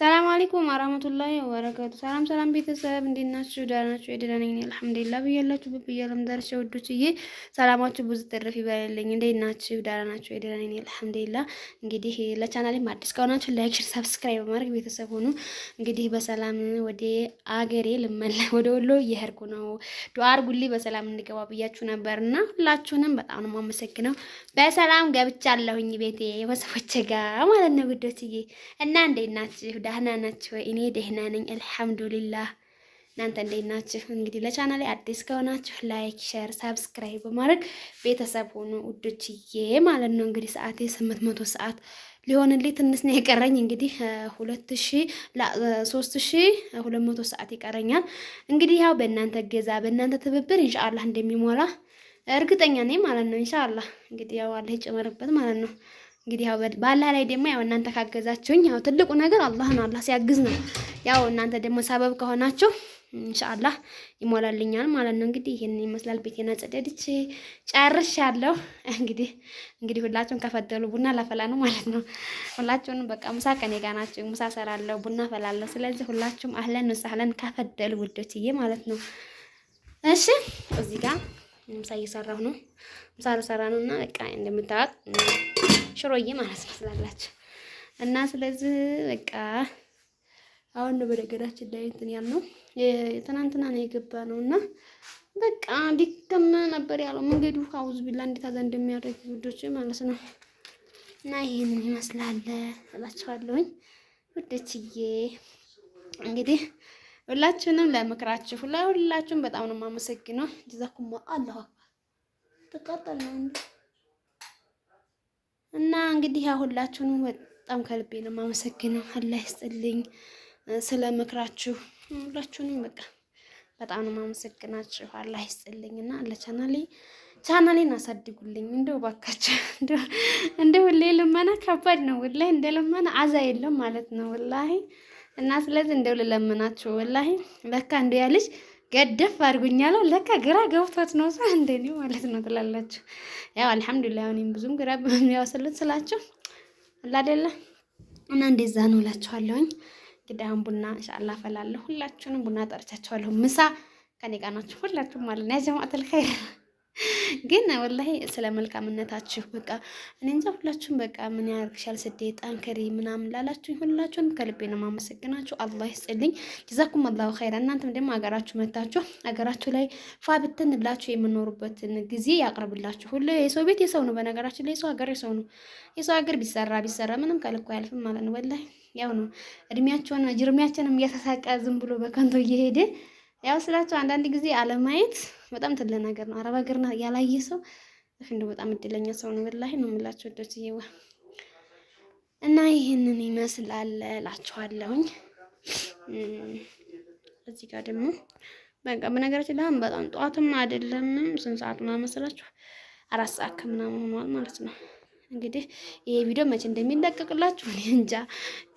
ሰላም አለይኩም አራመቱላሂ ወበረካቱ። ሰላም ሰላም ቤተሰብ እንዴት ናችሁ? ደህና ናችሁ? የደህና ነኝ አልሐምዱሊላህ። ብያላችሁ በብያለም ዳርሻ ወዶችዬ ሰላማችሁ ብዙ ትርፍ ይበልልኝ። እንዴት ናችሁ? ደህና ናችሁ? የደህና ነኝ አልሐምዱሊላህ። እንግዲህ ለቻናሌም አዲስ ከሆናችሁ ላይክ፣ ሼር፣ ሰብስክራይብ በማድረግ ቤተሰብ ሆኑ። እንግዲህ በሰላም ወደ አገሬ ልመለ ወደ ወሎ እየሄድኩ ነው። ዱአ አድርጉልኝ በሰላም እንድገባ ብያችሁ ነበርና ሁላችሁንም በጣም ነው የማመሰግነው። በሰላም ገብቻለሁኝ ቤቴ ወሰቦቼ ጋር ማለት ነው። ጉዶችዬ እና እንዴት ናችሁ? ደህና ናችሁ ወይ? እኔ ደህና ነኝ አልሐምዱሊላህ። እናንተ እንዴት ናችሁ? እንግዲህ ለቻናሌ አዲስ ከሆናችሁ ላይክ፣ ሼር፣ ሳብስክራይብ በማድረግ ቤተሰብ ሆኑ ውዶችዬ ማለት ነው። እንግዲህ ሰዓቴ ስምንት መቶ ሰዓት ሊሆንልኝ ትንሽ ነው የቀረኝ። እንግዲህ ሁለት ሺህ ሶስት ሁለት መቶ ሰዓት ይቀረኛል። እንግዲህ ያው በእናንተ ገዛ በእናንተ ትብብር ኢንሻአላህ እንደሚሞላ እርግጠኛ ነኝ ማለት ነው። ኢንሻአላህ እንግዲህ ያው አለ ይጨመርበት ማለት ነው። እንግዲህ ያው በአላህ ላይ ደግሞ ያው እናንተ ካገዛችሁኝ ያው ትልቁ ነገር አላህ ነው። አላህ ሲያግዝ ነው። ያው እናንተ ደግሞ ሰበብ ከሆናችሁ ኢንሻአላህ ይሞላልኛል ማለት ነው። እንግዲህ ይሄን ይመስላል። ቤቴን አጸደድቼ ያለው እንግዲህ እንግዲህ ሁላችሁን ከፈደሉ ቡና ላፈላ ነው ማለት ነው። ሁላችሁን በቃ ምሳ ከኔ ጋር ናችሁ። ምሳ ሰራለሁ፣ ቡና ፈላለሁ። ስለዚህ ሁላችሁም አህለን ወሰህለን ከፈደሉ ውዶችዬ ማለት ነው። እሺ እዚህ ጋር ምሳ እየሰራሁ ነው። ምሳ ሰራ ነውና በቃ እንደምታውቁ ሽሮዬ ማለት ነው እና ስለዚህ በቃ አሁን ነው በነገራችን ላይ እንትን ያልነው ትናንትና ነው የገባ ነው እና በቃ ዲከም ነበር ያለው መንገዱ አውዝ ቢላ እንዴት አዛ እንደሚያደርግ ውዶች ማለት ነው እና ይሄን ይመስላል እላችኋለሁኝ ውዶችዬ እንግዲህ ሁላችሁንም ለምክራችሁ ሁላችሁም በጣም ነው የማመሰግነው። ጀዛኩም አላሁ ተቃጠል ነው እና እንግዲህ ያ በጣም ከልቤ ነው የማመሰግነው። አላህ ይስጥልኝ ስለ ምክራችሁ ሁላችሁንም በቃ በጣም ነው የማመሰግናችሁ። አላህ ይስጥልኝ እና ለቻናሌ ቻናሌን አሳድጉልኝ እንደው ባካችሁ። እንደ ሁሌ ልመና ከባድ ነው ወላሂ፣ እንደ ልመና አዛ የለም ማለት ነው ወላሂ። እና ስለዚህ እንደው ልለምናችሁ ወላሂ ለካ እንደው ያለሽ ገደፍ አድርጉኛለሁ። ለካ ግራ ገብቶት ነው ሰ እንደኔ ማለት ነው ትላላችሁ። ያው አልሐምዱሊላህ እኔም ብዙም ግራ የሚያወስልን ስላችሁ አላደለ እና እንደዛ ነው እላችኋለሁኝ። እንግዲህ አሁን ቡና ኢንሻአላህ ፈላለሁ። ሁላችሁንም ቡና ጠርቻችኋለሁ። ምሳ ከኔ ጋር ናችሁ ሁላችሁም ማለት ነው። ያ ጀማዓተል ኸይር ግን ወላሂ ስለ መልካምነታችሁ በቃ እኔ እንጃ ሁላችሁም በቃ ምን ያርግሻል ስደት ጠንክሪ ምናምን ላላችሁ ሁላችሁንም ከልቤ ነው ማመሰግናችሁ። አላህ ይስጥልኝ። ጀዛኩም አላሁ ኸይራ። እናንተም ደግሞ ሀገራችሁ መታችሁ ሀገራችሁ ላይ ፋብትን ብላችሁ የምኖሩበትን ጊዜ ያቅርብላችሁ። ሁሉ የሰው ቤት የሰው ነው። በነገራችን ላይ የሰው ሀገር የሰው ነው። የሰው ሀገር ቢሰራ ቢሰራ ምንም ከልኩ አያልፍም ማለት ነው። ወላሂ ያው ነው እድሜያቸውን ጅርሜያችንም እያተሳቀ ዝም ብሎ በከንቶ እየሄደ ያው ስላቸው አንዳንድ ጊዜ አለማየት በጣም ትልቅ ነገር ነው። አረብ ሀገር ያላየ ሰው እንደ በጣም እድለኛ ሰው ነው። ወላሂ ነው የምላቸው ደስ ይዋ እና ይህንን ይመስላል እላችኋለሁኝ። እዚህ ጋር ደግሞ በቃ በነገራችን ላይ በጣም ጠዋትም አይደለም ስንት ሰዓት ምናምን መስላችሁ አራት ሰዓት ከምናምን ሆኗል ማለት ነው። እንግዲህ ይሄ ቪዲዮ መቼ እንደሚለቀቅላችሁ እንጃ።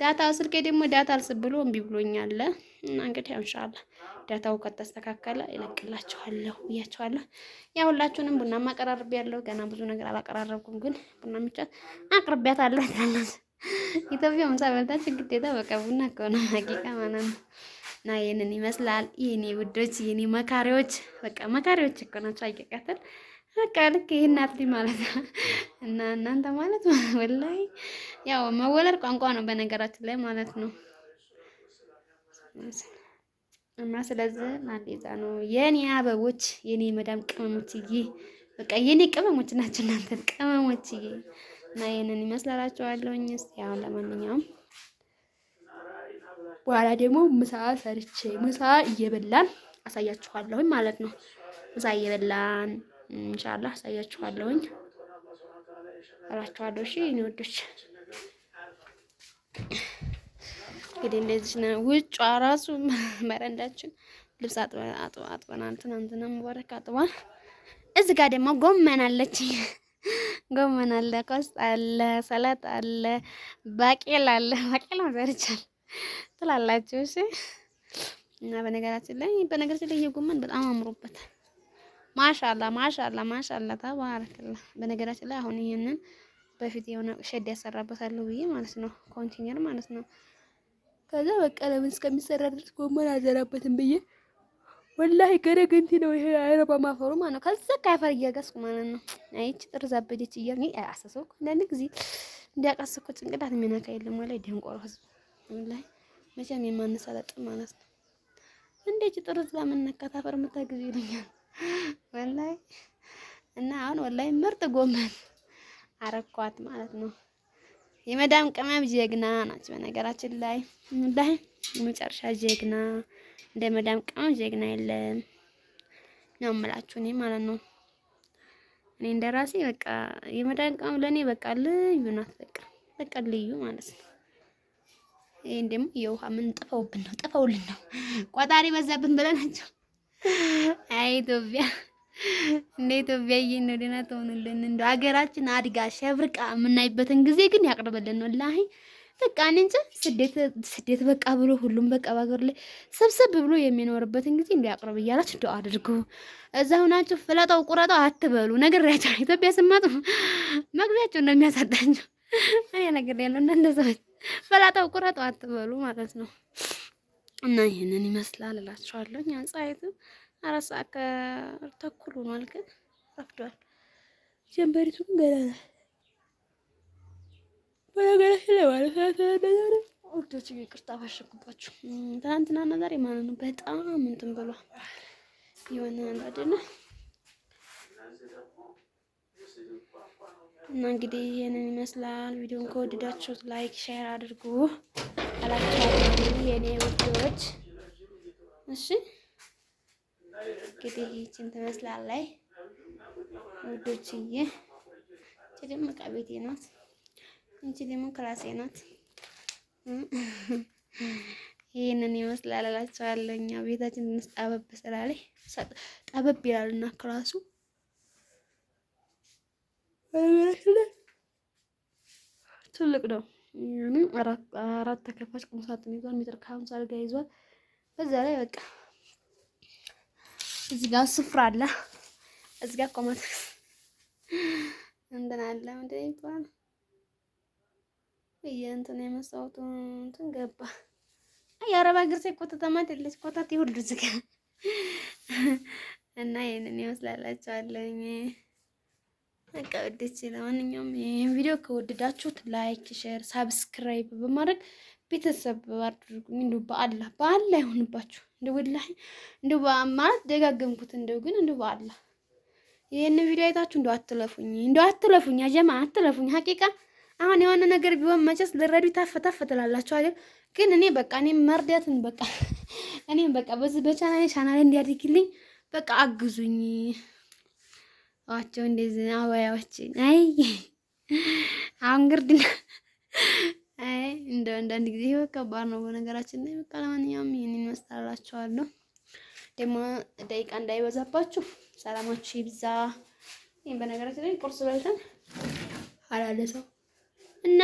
ዳታ ስልኬ ደግሞ ዳታ አልስብ ብሎ እምቢ ብሎኛል። እና እንግዲህ እንሻላ ዳታው ከተስተካከለ ይለቅላችኋለሁ ብያችኋለሁ። ያ ሁላችሁንም ቡናም አቀራርብ ያለው ገና ብዙ ነገር አላቀራረብኩም፣ ግን ቡና ብቻ አቅርቢያታለሁ። ኢትዮጵያ ምሳ በልታችን ግዴታ በቃ ቡና ከሆነ ሀቂቃ ማለት ነው። እና ይህንን ይመስላል የኔ ውዶች የኔ መካሪዎች፣ በቃ መካሪዎች እኮ ናቸው። አይቀቀትን በቃ ልክ ይሄ እናት ማለት እና እናንተ ማለት ወላይ ያው መወለድ ቋንቋ ነው በነገራችን ላይ ማለት ነው። እና ስለዚህ ማንዴዛ ነው የኔ አበቦች፣ የኔ መዳም ቅመሞችዬ፣ በቃ የኔ ቅመሞች ናቸው እናንተ ቅመሞችዬ። እና ይህንን ይመስላላችኋለሁኝ። እስኪ አሁን ለማንኛውም በኋላ ደግሞ ምሳ ሰርቼ ምሳ እየበላን አሳያችኋለሁኝ ማለት ነው። ምሳ እየበላን እንሻላ አሳያችኋለሁኝ እላችኋለሁ። እሺ እኔ ወዶች እንግዲህ እንደዚህ ነው። ውጭ ራሱ በረንዳችን ልብስ አጥበናል። ትናንትና ሙባረክ አጥቧል። እዚህ ጋር ደግሞ ጎመን አለች። ጎመን አለ፣ ቆስጣ አለ፣ ሰላጣ አለ፣ ባቄላ አለ። ባቄላ ዘርቻል ትላላችሁ። እሺ እና በነገራችን ላይ በነገራችን ላይ የጎመን በጣም አምሮበታል። ማሻላ ማሻላ ማሻላ ተባረክላ። በነገራችን ላይ አሁን ይሄንን በፊት የሆነ ሸድ ያሰራበታለሁ ብዬ ማለት ነው፣ ኮንቲነር ማለት ነው። ከዛ በቃ ለምን እስከሚሰራ ድረስ ጎመን አዘራበትም ብዬ ወላሂ ገደግ እንትን ነው ይሄ አይረባ ማፈሩ ማለት ነው። ከዛ ከአፈር እያጋስኩ ማለት ነው። አይች ጥርዝ አበደች እያልኩ አሳሰብኩ። አንዳንድ ጊዜ እንዲያቃስኩ ጭንቅላት የሚነካ የለም ወላሂ ደንቆሮ ህዝብ ወላሂ መቼም የማነሳለጥ ማለት ነው። እንዴት ጥርዝ ለምን ነካ ታፈር የምታግዝ ይለኛል። ወላይ እና አሁን ወላይ ምርጥ ጎመን አረኳት ማለት ነው። የመዳም ቅመም ጀግና ናቸው። በነገራችን ላይ ላይ መጨረሻ ጀግና እንደ መዳም ቅመም ጀግና የለም ነው የምላችሁ እኔ ማለት ነው። እኔ እንደራሴ በቃ የመዳም ቅመም ለእኔ በቃ ልዩ ናት። በቃ በቃ ልዩ ማለት ነው። ይሄን ደግሞ የውሃ ምን ጥፈውብን ነው ጥፈውልን ነው ቆጣሪ በዛብን ብለናቸው አይ ኢትዮጵያ እንደ ኢትዮጵያ ይሄን ደህና ትሆንልን እንደው ሀገራችን አድጋ ሸብርቃ የምናይበትን ጊዜ ግን ያቅርብልን። ወላሂ በቃ እኔ እንጃ ስደት በቃ ብሎ ሁሉም በቃ ባገር ላይ ሰብሰብ ብሎ የሚኖርበትን ጊዜ እንደው ያቅርብ እያላችሁ እንደው አድርጉ። እዛ ሆናችሁ ፍለጠው ቁረጠው አትበሉ። ነገር ኢትዮጵያ ስማጡ መግቢያቸው እንደሚያሳጣቸው እኔ ነገር እናንተ ሰዎች ፍለጠው ቁረጠው አትበሉ ማለት ነው። እና ይህንን ይመስላል እላችኋለሁ። እኛ ፀሐይትም አራት ሰዓት ከተኩል ሆኗል፣ ግን ረፍዷል። ጀንበሪቱም ገና በነገራችን ላይ ማለት ነገር ወዶች ይቅርታ ባሸኩባችሁ። ትናንትናና ዛሬ ማለት ነው በጣም እንትን ብሏል የሆነ አይደለ እና እንግዲህ ይህንን ይመስላል። ቪዲዮን ከወደዳችሁት ላይክ፣ ሼር አድርጉ አላችሁ የኔ እሺ እንግዲህ ይህችን ትመስላለች ውዶችዬ። ይቺ ደግሞ ዕቃ ቤቴ ናት። ይቺ ደግሞ ክላሴ ናት። ይህንን ይመስላል እላቸዋለሁ። እኛ ቤታችን ትንሽ ጠበብ ስላለች ጠበብ ይላልና ክላሱ ትልቅ ነው። አራት ተከፋች ቁም ሳጥን ይዟል። ሜትር ከሀምሳ አልጋ ይዟል። በዛ ላይ በቃ እዚህ ጋር ስፍራ አለ። እዚህ ጋር ቆመት እንትን አለ ምንድን ይባላል እንትን የመስታወቱ እንትን ገባ። የአረባ ሀገር ሴት ኮተት ማን የለች ኮተት ይሁሉ እዚህ ጋር እና ይሄንን ይመስላላችኋለኝ። በቃ ውድቼ ለማንኛውም ይሄን ቪዲዮ ከወደዳችሁት ላይክ፣ ሼር፣ ሳብስክራይብ በማድረግ ቤተሰብ አድርጉ። እንዲ በአላህ በአላህ ይሆንባችሁ። እንዲ ወላሂ እንዲ ማለት ደጋገምኩት። እንደው ግን እንዲ በአላህ ይሄን ቪዲዮ አይታችሁ እንዲ አትለፉኝ፣ እንዲ አትለፉኝ፣ አጀማ አትለፉኝ። ሀቂቃ አሁን የሆነ ነገር ቢሆን መቼስ ልረዱ ታፈ ታፈ ትላላችሁ አይደል? ግን እኔ በቃ እኔ መርዳትን በቃ እኔ በቃ በዚህ በቻናሌ ቻናሌ እንዲያድግልኝ በቃ አግዙኝ። አዋቸው እንደዚህ አወያዎች አይ አሁን ግርድና አይ እንደ አንዳንድ ጊዜ ህይወት ከባድ ነው በነገራችን ላይ። በቃ ለማንኛውም ይህንን መስላላችኋለሁ። ደግሞ ደቂቃ እንዳይበዛባችሁ ሰላማችሁ ይብዛ። ይህን በነገራችን ላይ ቁርስ በልተን አላለሰው እና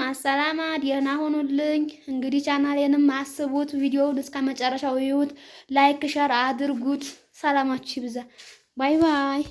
ማሰላማ ደህና ሆኑልኝ። እንግዲህ ቻናሌንም አስቡት፣ ቪዲዮውን እስከ መጨረሻው ይዩት፣ ላይክ ሸር አድርጉት። ሰላማችሁ ይብዛ። ባይ ባይ።